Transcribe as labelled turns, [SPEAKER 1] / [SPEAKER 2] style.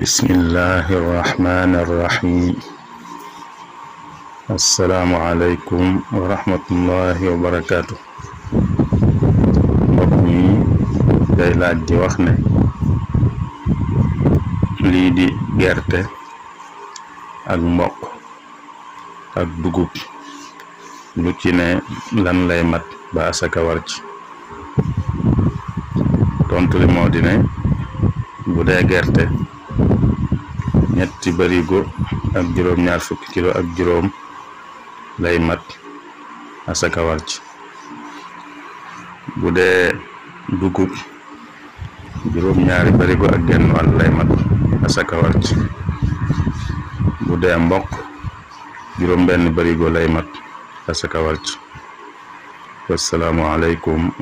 [SPEAKER 1] بسم الله الرحمن الرحيم السلام عليكم ورحمة الله mbokk mi day laaj di wax ne lii di gerte ak mboq ak dugub lu ci ne lan lay mat ba war ci tontu li moo di ne bu dee gerte ñetti barigo ak juróom ñaar fukki kilo ak juróom lay mat asaka bu dee dugub juróom ñaari barigo ak genn wàll lay mat asaka bu dee mboq juróom benn barigo lay mat asaka war ci wasalaamu aleykum